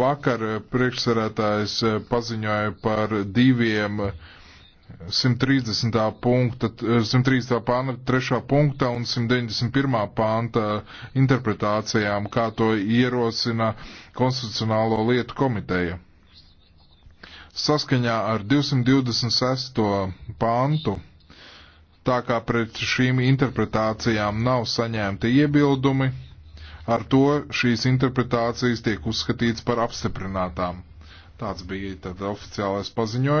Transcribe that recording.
Vakar eh, priekšsarētājs eh, paziņoja par diviem 130. Eh, punkta, 130. pānta, 3. punkta un 191. pānta interpretācijām, kā to ierosina Konstitucionālo lietu komiteja. Saskaņā ar 226. pāntu tā kā pret šīm interpretācijām nav saņemti iebildumi, Ar to šīs interpretācijas tiek uzskatīts par apstiprinātām. Tāds bija tad oficiālais paziņojums.